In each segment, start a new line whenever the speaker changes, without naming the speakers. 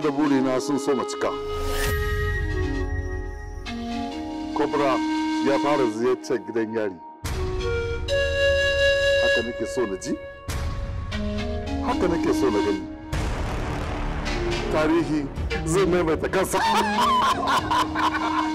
na da burina sun soma cika kobra ya fara ziyartar gidan yari
haka nake so na ji haka nake so na gani
tarihi zai maimaita kansa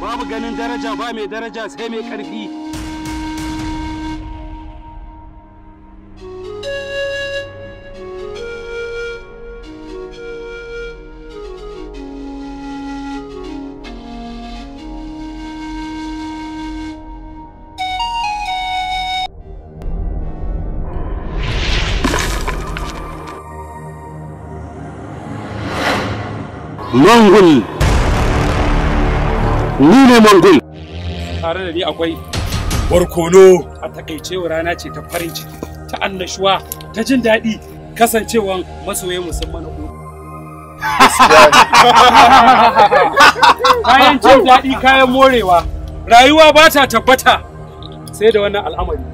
babu ganin daraja ba mai daraja sai mai ƙarfi mongol ni ne mongol tare da ni akwai barkono a takaice rana ce ta farin ciki ta annashuwa ta jin daɗi kasancewan masoyan musamman na kayan jin daɗi kayan morewa rayuwa ba ta tabbata sai da wannan al'amari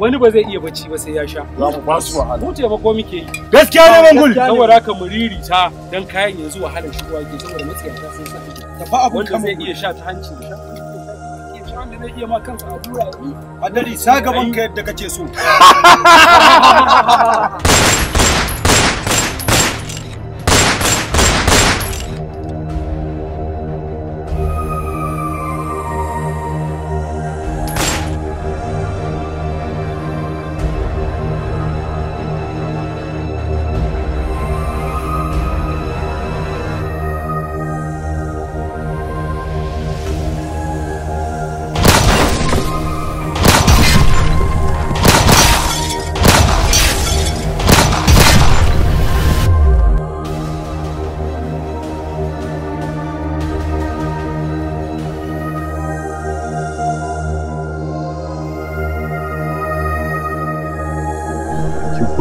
wani ba zai iya bacci ba sai ya sha za mu ba su wahala mu taimako muke yi gaskiya ne mangul saboda haka mu ririta dan kayan yanzu wahalar shi ke saboda ta sun sa da fa abun kan zai iya sha ta hanci da sha wanda zai iya ma kansa a dura a sa gaban ka yadda kace so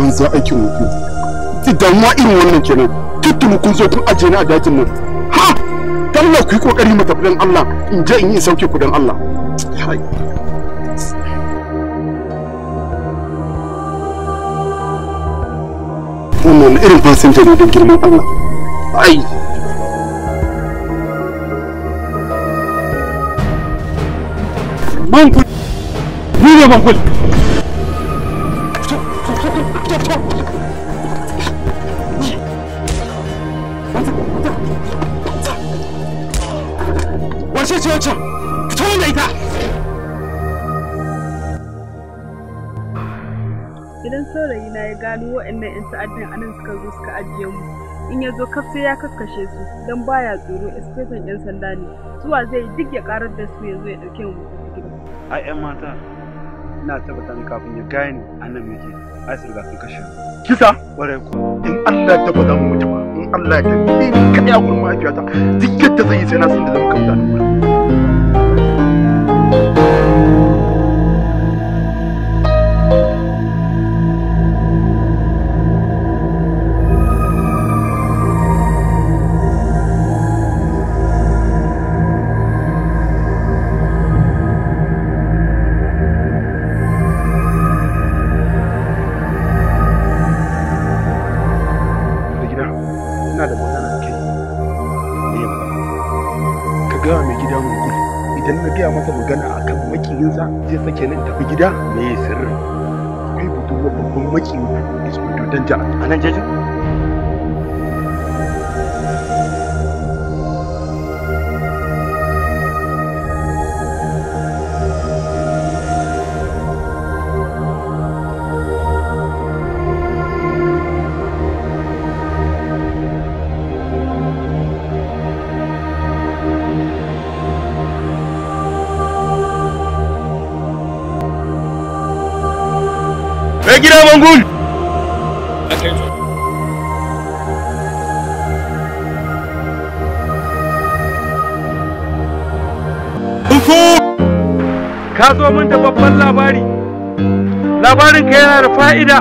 banza aikin wofi irin wannan kenan kun zo kun ni a dajin nan ha Allah ku yi kokari mu tafi dan Allah in je in yi sauke ku dan Allah
hai wannan irin ne don girman Allah ai ce wancan? Fito ita! Idan saurayi na ya gano waɗannan 'yan sa'adin anan suka zo suka ajiye mu, in ya zo kaf sai ya kakkashe su don baya tsoro espesan 'yan sanda ne. Zuwa zai duk ya karar da su ya zo ya ɗauke mu a 'yan mata, ina tabbata ni kafin ya gane annan muke ai su riga sun kashe. Kisa? ware ku In
Allah ya tabbata mu mutu ba, in Allah ya tabbata ni kaɗai a gurin mahaifiyata duk yadda zai yi sai na san da zan
kamta ni Thank you. je sake nan tafi gida
me sirrin akwai budurwa babban maki isu danja a nan jeje
Mai gida Mangul! Ka zo min da babban labari. Labarin ka yana da fa'ida,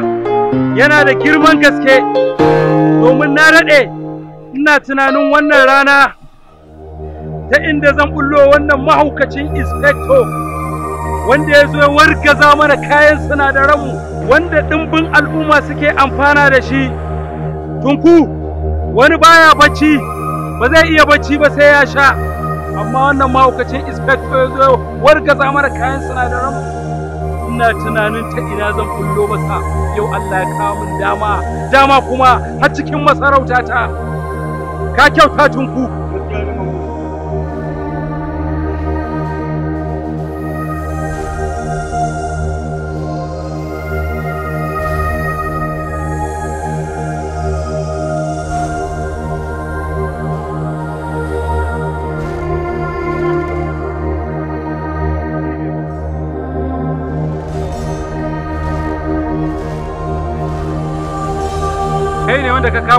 yana da girman gaske, domin na daɗe ina tunanin wannan rana ta inda zan bullo wannan mahaukacin inspector. wanda ya zo ya wargaza mana kayan sinadaranmu wanda ɗimbin al'umma suke amfana da shi tunku wani baya bacci ba zai iya bacci ba sai ya sha amma wannan mahaukacin inspector ya zo wargaza mana kayan sinadaranmu ina tunanin ta ina zan kullo masa yau Allah ya kawo min dama dama kuma har cikin masarautata ka kyauta tunku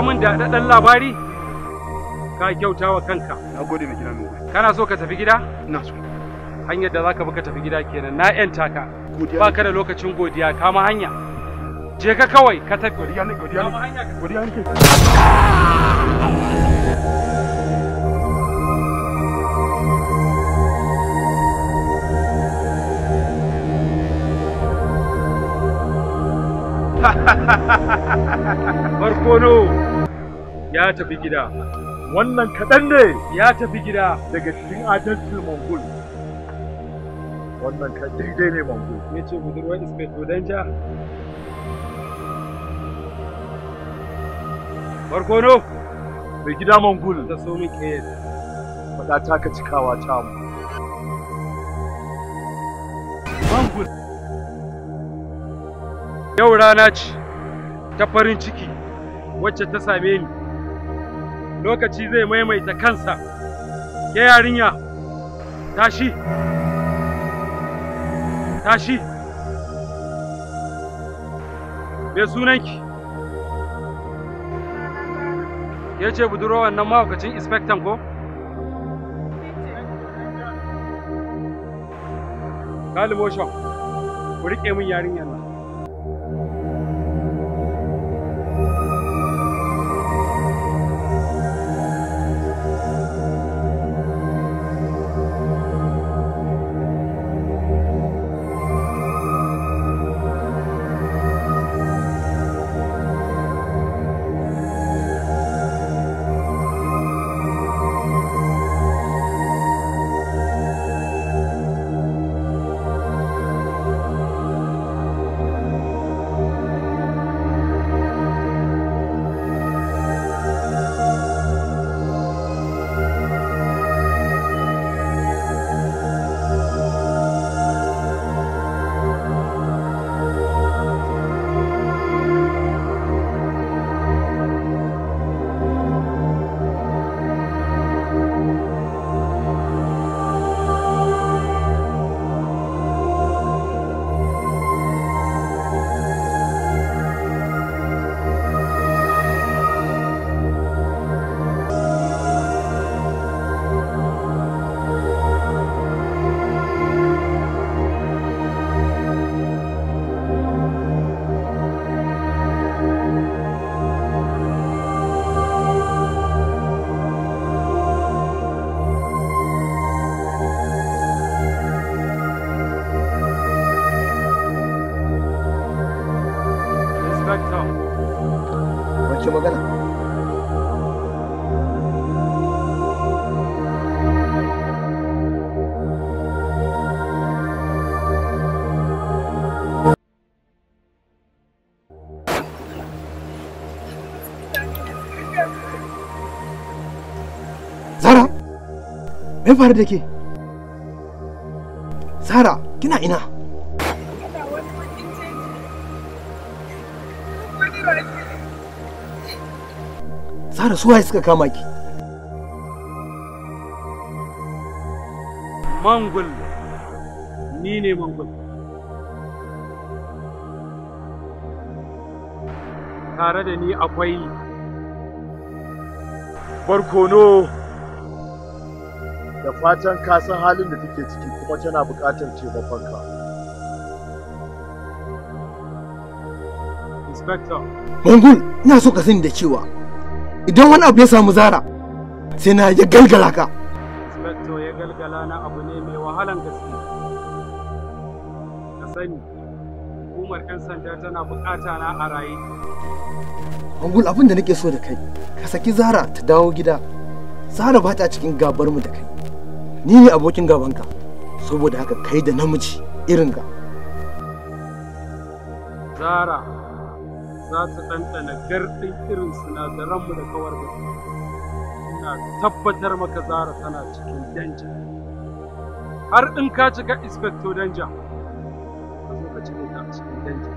faɗa min da daɗaɗɗen labari ka kyauta wa kanka na gode mai gida kana so ka tafi gida ina so hanyar da zaka bi ka tafi gida kenan na yanta ka ba ka da lokacin godiya ma hanya je ka kawai ka tafi godiya ne godiya ne godiya ne ha ya tafi gida wannan kaɗan ne ya tafi gida daga cikin adalcin mongol wannan ka dai ne mongol ya ce budurwar dan danja barkono mai gida mongol ta so min ƙeyar faɗa ta ka cikawa ta mu mongol yau rana ce ta farin ciki wacce ta same ni lokaci zai maimaita kansa Ke yarinya tashi tashi me sunanki Ke ce buduro wannan mahaukacin inspector ko kaliboshan ku riƙe min yarinyar nan Me
faru da ke? Sara, kina ina? Sara suwaye suka kama ki?
Mangul, ni ne mangul. Tare da ni akwai barkono. da
fatan ka san halin da take ciki kuma tana buƙatar taimakonka. Inspector. Bangul, ina so ka sani da cewa idan wani abu ya samu zara sai na ya galgala ka.
Inspector ya galgala na abu ne mai wahalan gaske. Ka sani, hukumar 'yan sanda tana buƙata na a raye.
Bangul abin da nake so da kai, ka saki Zara ta dawo gida. Zara ba ta cikin gabar mu da kai. ni ne abokin gabanka saboda haka kai da namiji irinka
zara za ta ɗanɗana garɗin irin sinadaranmu da kawar da Ina tabbatar maka zara tana cikin danja har ɗin ka cika inspector danja ka zo ka cire ta cikin danja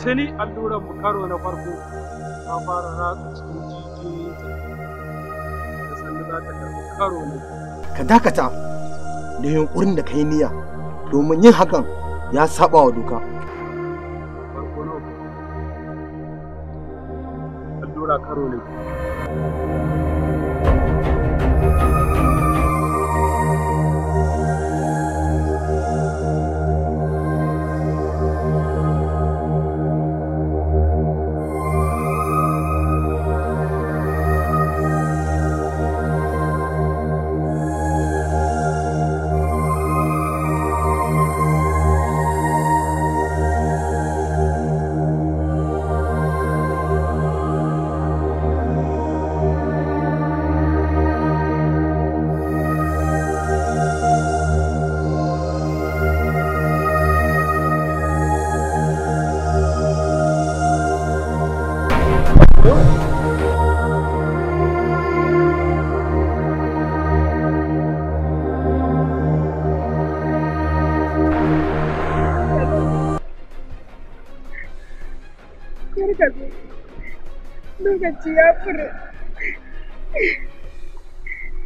tuni alluran mu karo na farko ta fara ratsa cikin jijiyoyinta da sannu za ta karɓi karo na biyu ka dakata
da yunkurin da ka yi niyya domin yin hakan ya saba wa doka
allura karo ne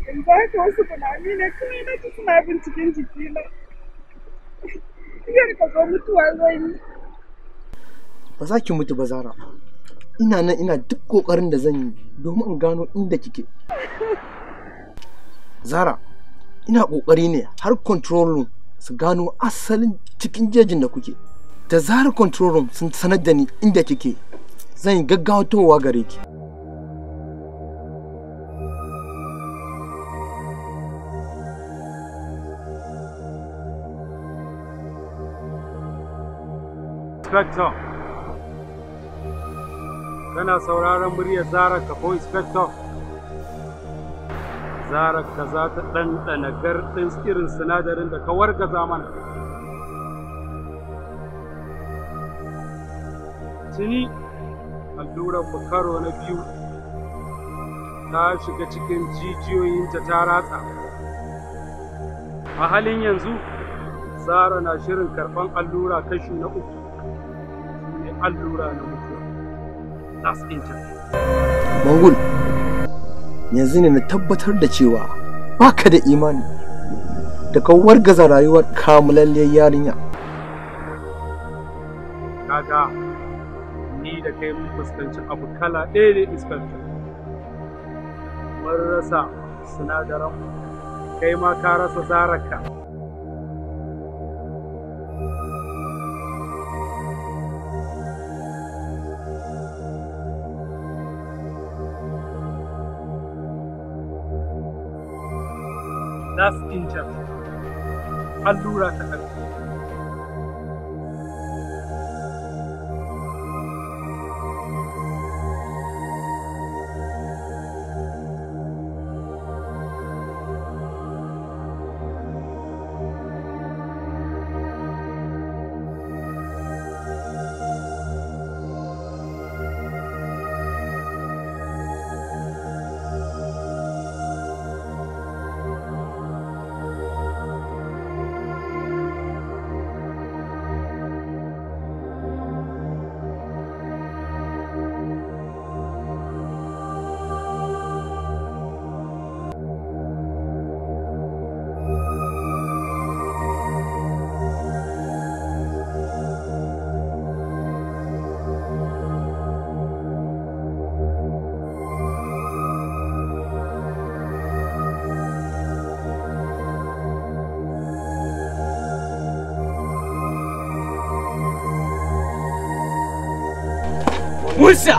in ba wasu tunani ne kuma na ta binciken jikina yar ka mutuwa zan yi
ba za ki mutu ba zara ina nan ina duk kokarin da zan yi domin in gano inda kike zara ina kokari ne har control room su gano asalin cikin jejin da kuke da zarar control room sun sanar da ni inda kike zan yi gaggawatowa gare ki.
inspector kana sauraron muryar zara ka ko inspector zara ka za ta ɗanɗana garɗin irin sinadarin da ka warga zamana. tuni allurar na biyu ta shiga cikin jijiyoyinta ta ratsa a halin yanzu zara na shirin karɓan allura kashi na uku. allura na mutuwa that's interview
yanzu ne na tabbatar da cewa baka da imani da ka wargaza rayuwar kamulalliyar yarinya
kaga ni da kai mun fuskanci abu kala ɗaya ne iskanta. mun rasa sinadaran kai ma ka rasa ka za su tinta allura ta sa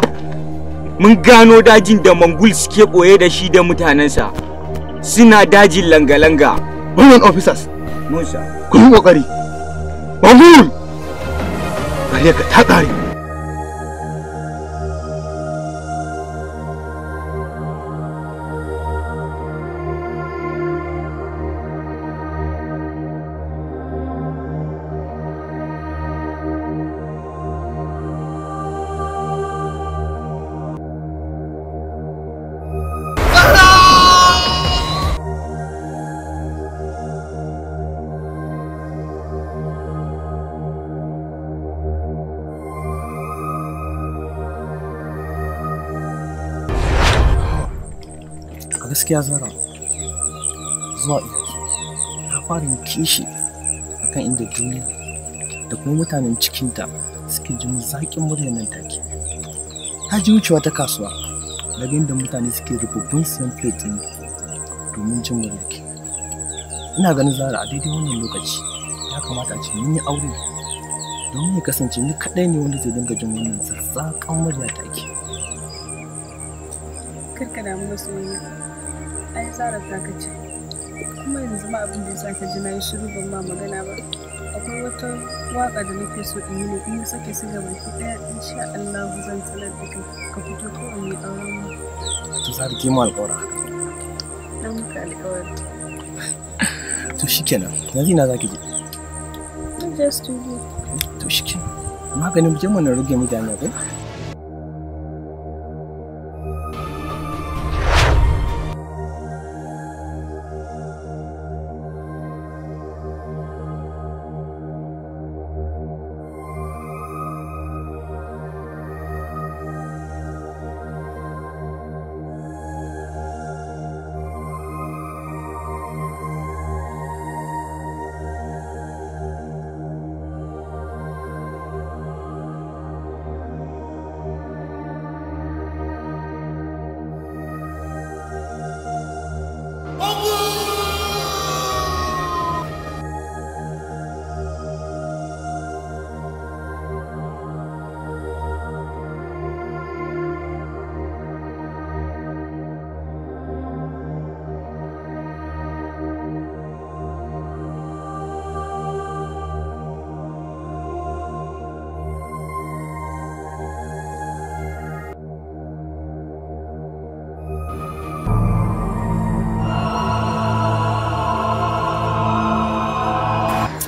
mun gano dajin da mangul suke ɓoye da shi da mutanensa suna dajin langalanga. Mun women officers musa ku yi ƙoƙari mangul ka ta kare
gaskiya zara zuwa yanzu ta fara yin kishi akan inda duniya da kuma mutanen cikinta suke jin zaƙin muryar nan take ta ji wucewa ta kasuwa daga inda mutane suke rububbun siyan plate ne domin jin ke. ina ganin zara a daidai wannan lokaci ya kamata a ce mun yi aure domin ya kasance ni kaɗai ne wanda zai dinga jin wannan zazzaƙan murya take.
ka damu da soyayya. ai zara ta kace kuma yanzu ma abin da ya sake ji na yi shiru ban ma magana ba akwai wata waka da nake so in yi ne in sake su gaba ki daya insha Allah zan sanar da kai ka fito ko in yi auren mu
to sai ki mu alƙawara
dan muka alƙawari
to shikenan yanzu ina zaki je Na je to to shikenan maganin bikin mu na rage mu da ne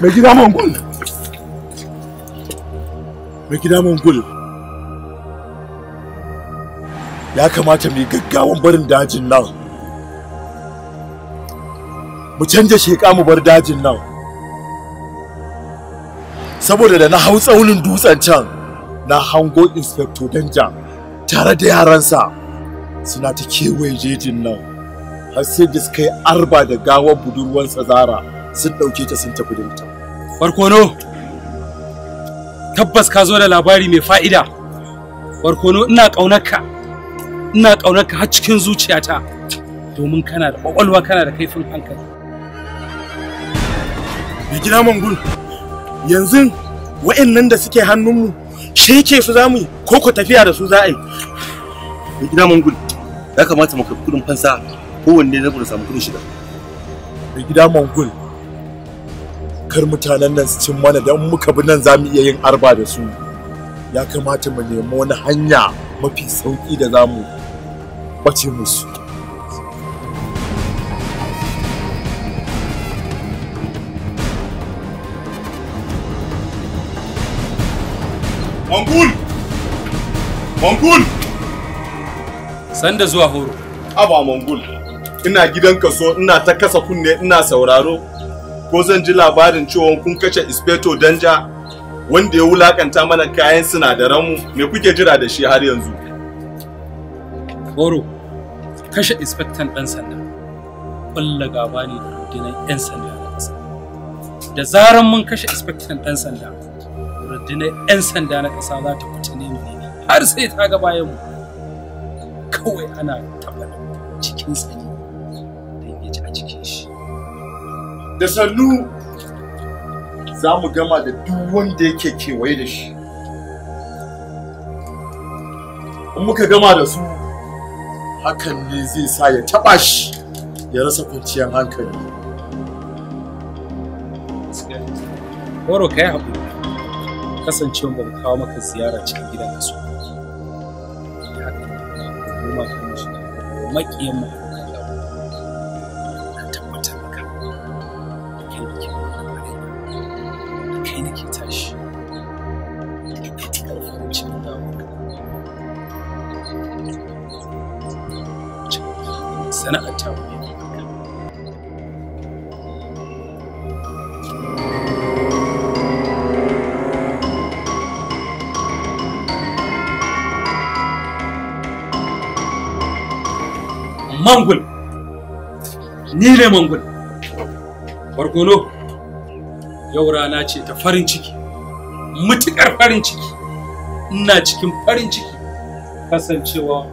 mai gida mongol mai gida mongol ya kamata mu yi gaggawan barin dajin nan mu canja sheƙa mu bar dajin nan saboda da na hau tsaunin dutsen can na hango inspector danja
tare da yaransa
suna ta kewaye jejin nan har sai da suka yi arba da gawar budurwansa
zara sun ɗauke ta sun tafi barkono tabbas ka zo da labari mai fa'ida barkono ina ƙaunarka ina ƙaunarka har cikin zuciyata domin kana da ƙwaƙwalwa kana da kaifin hankali mai gida mangul yanzu wa'annan da suke
hannunmu sheke su za mu yi ko ku tafiya da su za a yi mai gida ya kamata mu karɓi kuɗin fansa kowanne na gudu samu kuɗin shiga mai gida mangul kar mutanen nan su cin mana don muka bi nan za mu iya yin arba da su ya kamata mu nemi wani hanya mafi sauƙi da za mu ɓace musu
Mongul! Mongul! Sanda zuwa horo. Aba Mongul, ina gidan kaso ina ta kasa kunne ina sauraro ko zan ji labarin cewa kun kashe ispeto danja wanda ya wulakanta mana kayan mu me kuke jira da shi har yanzu goro kashe inspector ɗan sanda ƙulla gaba ne da rundunar 'yan sanda na da zaran mun kashe inspector ɗan sanda rundunar 'yan sanda na kasa za ta fita ne har sai ta ga bayan mu kawai ana taɓa cikin sanyi
da sannu za mu gama da duk wanda yake kewaye da shi in muka gama da su hakan ne zai sa ya taɓa shi ya rasa kwanciyar hankali
Goro ka yi kasancewa kasance ba mu kawo maka ziyara cikin gidan shi Maƙiyan mu sana'ar ta mangul ni ne mangul barkono yau rana ce ta farin ciki mutukar farin ciki ina cikin farin ciki kasancewa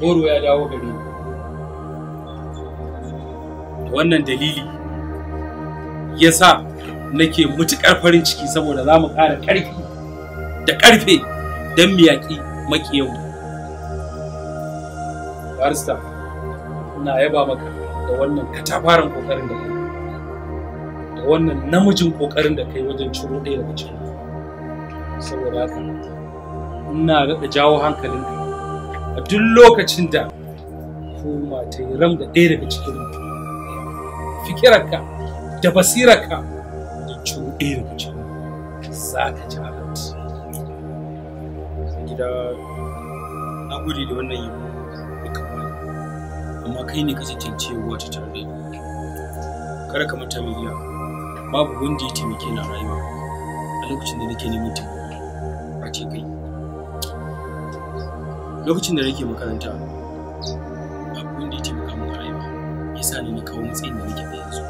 goro ya dawo gare ni wannan dalili ya sa nake mutuƙar farin ciki saboda za mu ƙara ƙarfi da ƙarfe don mu yaƙi maƙiyanmu barista ina yaba maka da wannan katafaren ƙoƙarin da kai da wannan namijin ƙoƙarin da kai wajen ciro ɗaya daga cikin saboda haka ina rada jawo hankalinka a duk lokacin da kuma ta ram da ɗaya daga cikin fikirarka da basirarka da cuɗe da cikin za ka ci abinci gida na gode da wannan yi kamar amma kai ne ka cancanci wata tare da kada ka manta miliya. babu wanda ya taimake na rayuwa a lokacin da nake neman taimako a ce kai lokacin da nake makaranta babu wanda ya taimake sa ni na kawo matsayin da nake da yanzu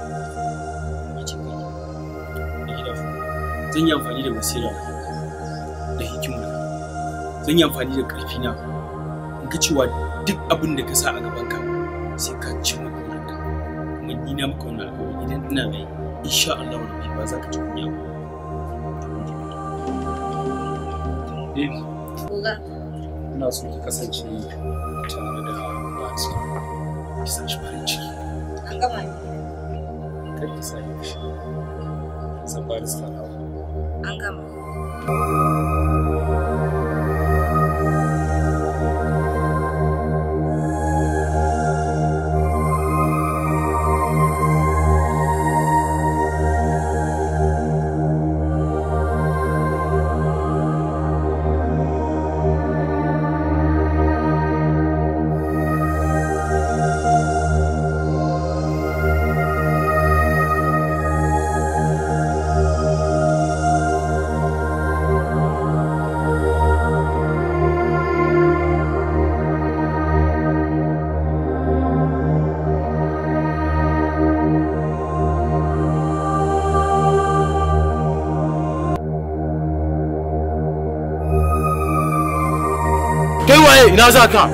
a cikin gida zan yi amfani da basira da hikima zan yi amfani da ƙarfi na in ga cewa duk abin da ka sa a gaban ka sai ka ci makonan kuma ni na maka wannan alƙawari idan ina mai insha Allah wani ba za ka ci kunya ba. Ina so ki kasance tare da wasu kisan shi farin ciki. an gama ne ki sa shi an gama ina za ka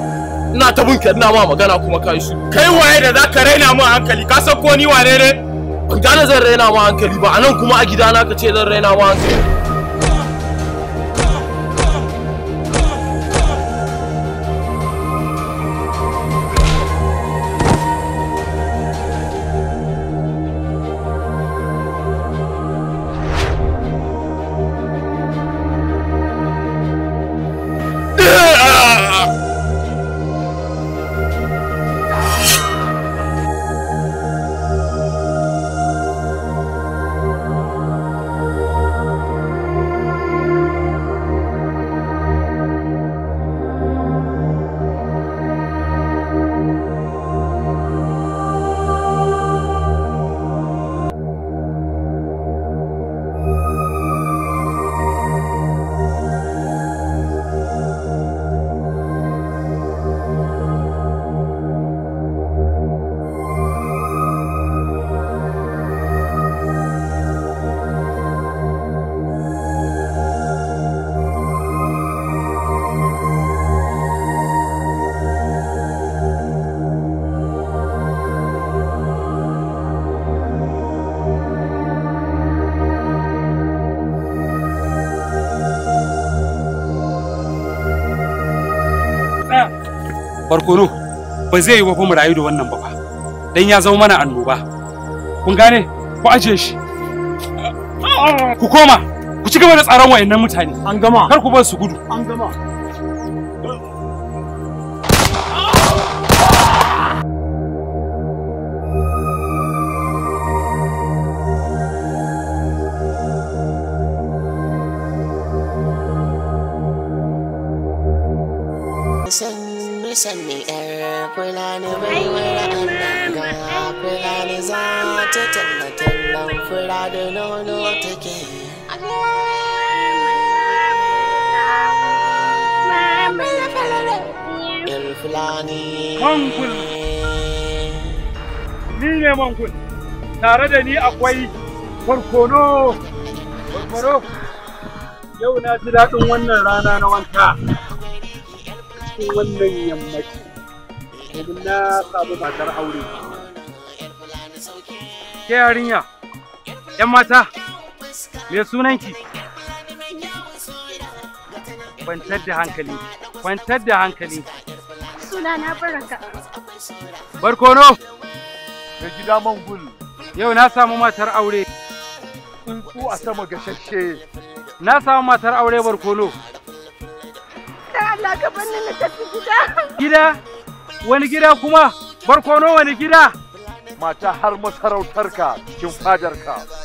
ina ta bunke ina ma magana kuma ka yi su kai waye da za ka raina mu hankali ka san ko ni wane ne ban gane zan raina mu hankali ba anan kuma a gidana ka ce zan raina mu hankali barkono ba zai yi wa mu rayu da wannan ba fa dan ya zama mana annoba kun gane ku ajiye shi ku koma ku ci gaba da tsaron wayannan mutane an gama kar ku bar su gudu an gama Mankul. Ni ne Mankul. Tare da ni akwai barkono. Barkono. Yau na ji daɗin wannan rana na wanka. Cikin wannan yammaci. Domin na samu matar aure. Ke yarinya, ‘yan mata, me sunanki? Kwantar da hankali, kwantar da hankali. suna na baraka. Barkono. Mai gida mangul. Yau na samu matar aure. Tsuntsu a sama gashashe. Na samu matar aure barkono. Ta Allah ka bar na tafi gida. Gida? Wani gida kuma? Barkono wani gida? Mata har masarautarka cikin ka.